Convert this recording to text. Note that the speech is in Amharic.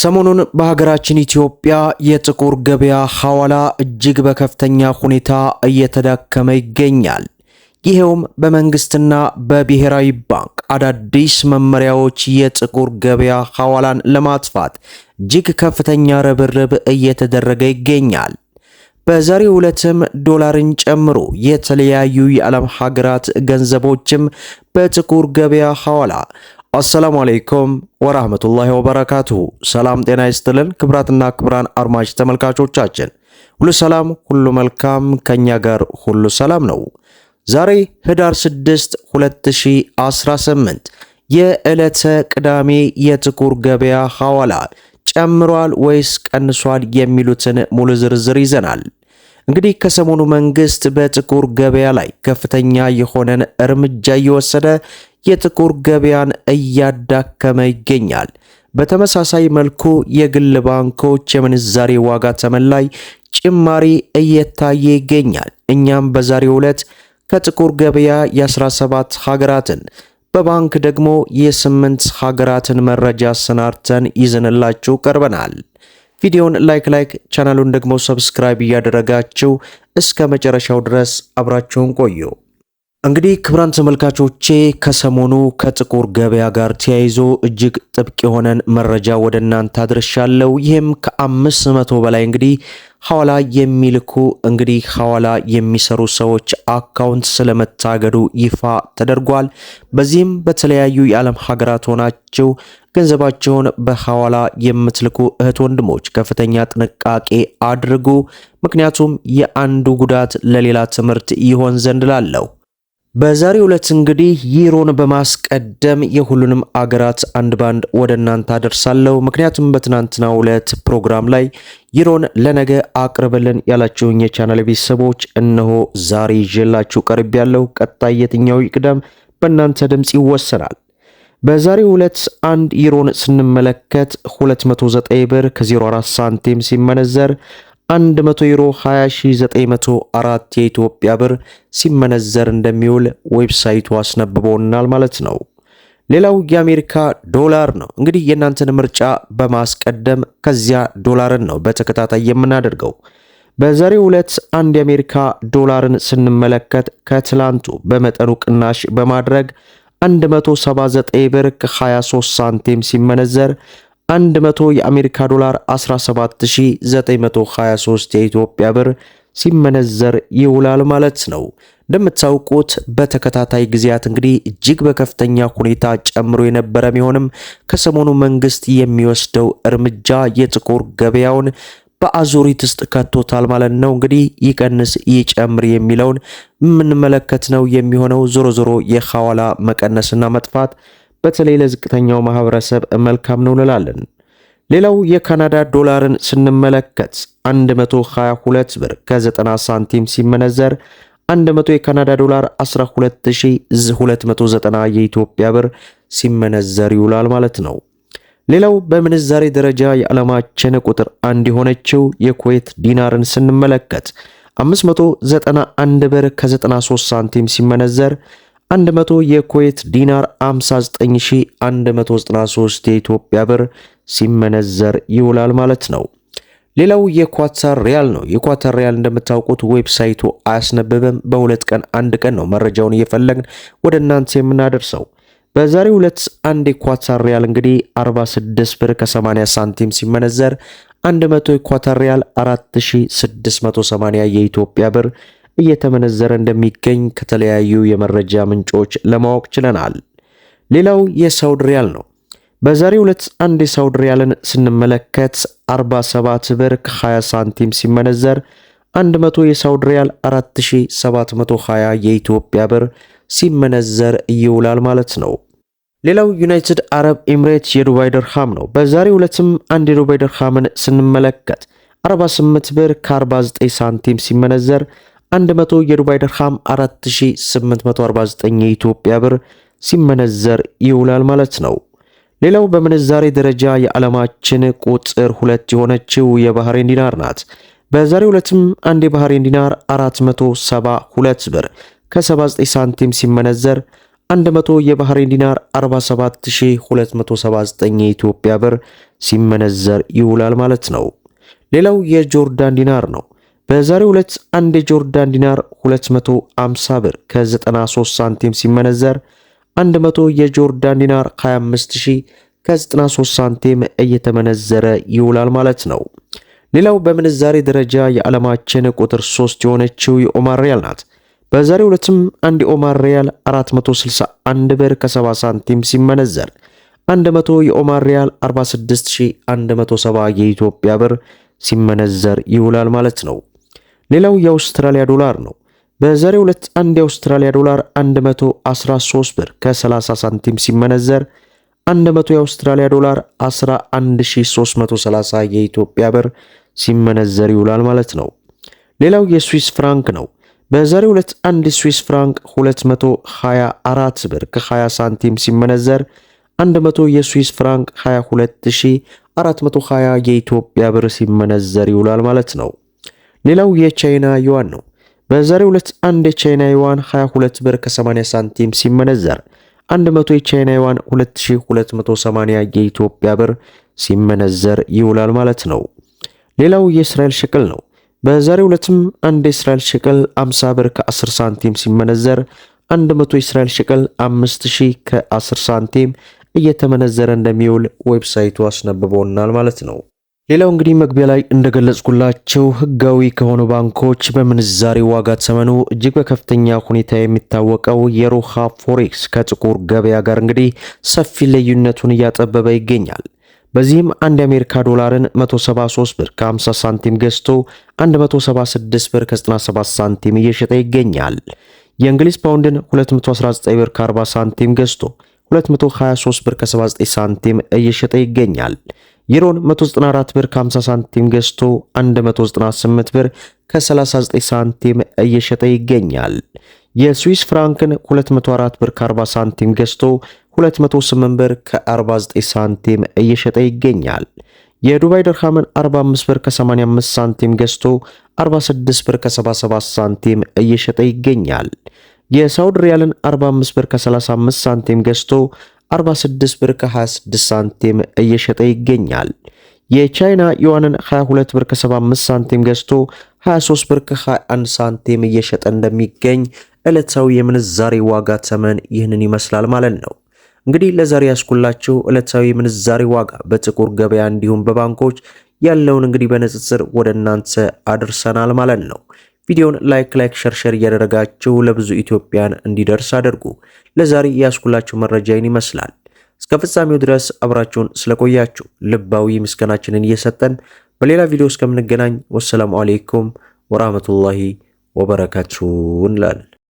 ሰሞኑን በሀገራችን ኢትዮጵያ የጥቁር ገበያ ሐዋላ እጅግ በከፍተኛ ሁኔታ እየተዳከመ ይገኛል። ይኸውም በመንግስትና በብሔራዊ ባንክ አዳዲስ መመሪያዎች የጥቁር ገበያ ሐዋላን ለማጥፋት እጅግ ከፍተኛ ርብርብ እየተደረገ ይገኛል። በዛሬው ዕለትም ዶላርን ጨምሮ የተለያዩ የዓለም ሀገራት ገንዘቦችም በጥቁር ገበያ ሐዋላ አሰላሙ አለይኩም ወራህመቱላሂ ወበረካቱሁ። ሰላም ጤና ይስጥልን ክብራትና ክብራን አድማጭ ተመልካቾቻችን ሁሉ ሰላም ሁሉ መልካም፣ ከኛ ጋር ሁሉ ሰላም ነው። ዛሬ ህዳር 6 2018 የዕለተ ቅዳሜ የጥቁር ገበያ ሐዋላ ጨምሯል ወይስ ቀንሷል የሚሉትን ሙሉ ዝርዝር ይዘናል። እንግዲህ ከሰሞኑ መንግስት በጥቁር ገበያ ላይ ከፍተኛ የሆነን እርምጃ እየወሰደ የጥቁር ገበያን እያዳከመ ይገኛል። በተመሳሳይ መልኩ የግል ባንኮች የምንዛሬ ዋጋ ተመን ላይ ጭማሪ እየታየ ይገኛል። እኛም በዛሬው ዕለት ከጥቁር ገበያ የ17 ሀገራትን በባንክ ደግሞ የስምንት ሀገራትን መረጃ ሰናርተን ይዘንላችሁ ቀርበናል። ቪዲዮን ላይክ ላይክ ቻናሉን ደግሞ ሰብስክራይብ እያደረጋችሁ እስከ መጨረሻው ድረስ አብራችሁን ቆዩ። እንግዲህ ክብራን ተመልካቾቼ ከሰሞኑ ከጥቁር ገበያ ጋር ተያይዞ እጅግ ጥብቅ የሆነን መረጃ ወደ እናንተ አድርሻለሁ። ይህም ከአምስት መቶ በላይ እንግዲህ ሐዋላ የሚልኩ እንግዲህ ሐዋላ የሚሰሩ ሰዎች አካውንት ስለመታገዱ ይፋ ተደርጓል። በዚህም በተለያዩ የዓለም ሀገራት ሆናችሁ ገንዘባቸውን በሐዋላ የምትልኩ እህት ወንድሞች ከፍተኛ ጥንቃቄ አድርጉ። ምክንያቱም የአንዱ ጉዳት ለሌላ ትምህርት ይሆን ዘንድ ላለው በዛሬ ዕለት እንግዲህ ዩሮን በማስቀደም የሁሉንም አገራት አንድ ባንድ ወደ እናንተ አደርሳለሁ። ምክንያቱም በትናንትናው ዕለት ፕሮግራም ላይ ዩሮን ለነገ አቅርበልን ያላችሁኝ የቻናል ቤተሰቦች እነሆ ዛሬ ይዤላችሁ ቀርብ ያለው ቀጣይ የትኛው ይቅደም በእናንተ ድምፅ ይወሰናል። በዛሬ ዕለት አንድ ዩሮን ስንመለከት 209 ብር ከ04 ሳንቲም ሲመነዘር 100 ዩሮ 20904 የኢትዮጵያ ብር ሲመነዘር እንደሚውል ዌብሳይቱ አስነብቦናል ማለት ነው። ሌላው የአሜሪካ ዶላር ነው። እንግዲህ የእናንተን ምርጫ በማስቀደም ከዚያ ዶላርን ነው በተከታታይ የምናደርገው። በዛሬው ዕለት አንድ የአሜሪካ ዶላርን ስንመለከት ከትላንቱ በመጠኑ ቅናሽ በማድረግ 179 ብር ከ23 ሳንቲም ሲመነዘር 100 የአሜሪካ ዶላር 17923 የኢትዮጵያ ብር ሲመነዘር ይውላል ማለት ነው። እንደምታውቁት በተከታታይ ጊዜያት እንግዲህ እጅግ በከፍተኛ ሁኔታ ጨምሮ የነበረ ቢሆንም ከሰሞኑ መንግስት የሚወስደው እርምጃ የጥቁር ገበያውን በአዙሪት ውስጥ ከቶታል ማለት ነው። እንግዲህ ይቀንስ ይጨምር የሚለውን የምንመለከት ነው የሚሆነው። ዞሮ ዞሮ የሐዋላ መቀነስና መጥፋት በተለይ ለዝቅተኛው ማህበረሰብ መልካም ነው እንላለን። ሌላው የካናዳ ዶላርን ስንመለከት 122 ብር ከ90 ሳንቲም ሲመነዘር 100 የካናዳ ዶላር 12290 የኢትዮጵያ ብር ሲመነዘር ይውላል ማለት ነው። ሌላው በምንዛሬ ደረጃ የዓለማችን ቁጥር አንድ የሆነችው የኩዌት ዲናርን ስንመለከት 591 ብር ከ93 ሳንቲም ሲመነዘር 100 የኩዌት ዲናር 59193 የኢትዮጵያ ብር ሲመነዘር ይውላል ማለት ነው። ሌላው የኳታር ሪያል ነው። የኳታር ሪያል እንደምታውቁት ዌብሳይቱ አያስነብብም። በሁለት ቀን አንድ ቀን ነው መረጃውን እየፈለግን ወደ እናንተ የምናደርሰው። በዛሬው ሁለት አንድ የኳታር ሪያል እንግዲህ 46 ብር ከ80 ሳንቲም ሲመነዘር 100 የኳታር ሪያል 4680 የኢትዮጵያ ብር እየተመነዘረ እንደሚገኝ ከተለያዩ የመረጃ ምንጮች ለማወቅ ችለናል። ሌላው የሳውድ ሪያል ነው። በዛሬ ሁለት አንድ የሳውድ ሪያልን ስንመለከት 47 ብር ከ20 ሳንቲም ሲመነዘር 100 የሳውድ ሪያል 4720 የኢትዮጵያ ብር ሲመነዘር ይውላል ማለት ነው። ሌላው ዩናይትድ አረብ ኤምሬት የዱባይ ድርሃም ነው። በዛሬ ሁለትም አንድ የዱባይ ድርሃምን ስንመለከት 48 ብር ከ49 ሳንቲም ሲመነዘር 100 የዱባይ ድርሃም 4849 የኢትዮጵያ ብር ሲመነዘር ይውላል ማለት ነው። ሌላው በምንዛሬ ደረጃ የዓለማችን ቁጥር ሁለት የሆነችው የባህሬን ዲናር ናት። በዛሬው ዕለትም አንድ የባህሬን ዲናር 472 ብር ከ79 ሳንቲም ሲመነዘር 100 የባህሬን ዲናር 47279 የኢትዮጵያ ብር ሲመነዘር ይውላል ማለት ነው። ሌላው የጆርዳን ዲናር ነው። በዛሬው ዕለት አንድ የጆርዳን ዲናር 250 ብር ከ93 ሳንቲም ሲመነዘር 100 የጆርዳን ዲናር 25 ሺህ ከ93 ሳንቲም እየተመነዘረ ይውላል ማለት ነው። ሌላው በምንዛሬ ደረጃ የዓለማችን ቁጥር 3 የሆነችው የኦማር ሪያል ናት። በዛሬው ዕለትም አንድ የኦማር ሪያል 461 ብር ከ70 ሳንቲም ሲመነዘር 100 የኦማር ሪያል 46170 የኢትዮጵያ ብር ሲመነዘር ይውላል ማለት ነው። ሌላው የአውስትራሊያ ዶላር ነው። በዛሬ ሁለት አንድ የአውስትራሊያ ዶላር 113 ብር ከ30 ሳንቲም ሲመነዘር 100 የአውስትራሊያ ዶላር 11330 የኢትዮጵያ ብር ሲመነዘር ይውላል ማለት ነው። ሌላው የስዊስ ፍራንክ ነው። በዛሬ ሁለት አንድ ስዊስ ፍራንክ 224 ብር ከ20 ሳንቲም ሲመነዘር 100 የስዊስ ፍራንክ 22420 የኢትዮጵያ ብር ሲመነዘር ይውላል ማለት ነው። ሌላው የቻይና ዩዋን ነው። በዛሬው ዕለት አንድ የቻይና ዩዋን 22 ብር ከ80 ሳንቲም ሲመነዘር 100 የቻይና ዩዋን 2280 የኢትዮጵያ ብር ሲመነዘር ይውላል ማለት ነው። ሌላው የእስራኤል ሽቅል ነው። በዛሬው ዕለትም አንድ የእስራኤል ሽቅል 50 ብር ከ10 ሳንቲም ሲመነዘር 100 የእስራኤል ሽቅል 5000 ከ10 ሳንቲም እየተመነዘረ እንደሚውል ዌብሳይቱ አስነብቦናል ማለት ነው። ሌላው እንግዲህ መግቢያ ላይ እንደገለጽኩላቸው ህጋዊ ከሆኑ ባንኮች በምንዛሬ ዋጋ ተመኑ እጅግ በከፍተኛ ሁኔታ የሚታወቀው የሮሃ ፎሬክስ ከጥቁር ገበያ ጋር እንግዲህ ሰፊ ልዩነቱን እያጠበበ ይገኛል። በዚህም አንድ የአሜሪካ ዶላርን 173 ብር ከ50 ሳንቲም ገዝቶ 176 ብር ከ97 ሳንቲም እየሸጠ ይገኛል። የእንግሊዝ ፓውንድን 219 ብር ከ40 ሳንቲም ገዝቶ 223 ብር ከ79 ሳንቲም እየሸጠ ይገኛል። ዩሮን 194 ብር ከ50 ሳንቲም ገዝቶ 198 ብር ከ39 ሳንቲም እየሸጠ ይገኛል። የስዊስ ፍራንክን 204 ብር ከ40 ሳንቲም ገዝቶ 208 ብር ከ49 ሳንቲም እየሸጠ ይገኛል። የዱባይ ድርሃምን 45 ብር ከ85 ሳንቲም ገዝቶ 46 ብር ከ77 ሳንቲም እየሸጠ ይገኛል። የሳውድ ሪያልን 45 ብር ከ35 ሳንቲም ገዝቶ 46 ብር ከ26 ሳንቲም እየሸጠ ይገኛል። የቻይና ዩዋንን 22 ብር ከ75 ሳንቲም ገዝቶ 23 ብር ከ21 ሳንቲም እየሸጠ እንደሚገኝ ዕለታዊ የምንዛሬ ዋጋ ተመን ይህንን ይመስላል ማለት ነው። እንግዲህ ለዛሬ ያስኩላችሁ ዕለታዊ የምንዛሬ ዋጋ በጥቁር ገበያ እንዲሁም በባንኮች ያለውን እንግዲህ በንጽጽር ወደ እናንተ አድርሰናል ማለት ነው። ቪዲዮውን ላይክ ላይክ ሸርሸር እያደረጋችሁ ለብዙ ኢትዮጵያን እንዲደርስ አድርጉ። ለዛሬ ያስኩላችሁ መረጃ ይህን ይመስላል። እስከ ፍጻሜው ድረስ አብራችሁን ስለቆያችሁ ልባዊ ምስጋናችንን እየሰጠን በሌላ ቪዲዮ እስከምንገናኝ ወሰላሙ አሌይኩም ወራህመቱላሂ ወበረካቱ እንላለን።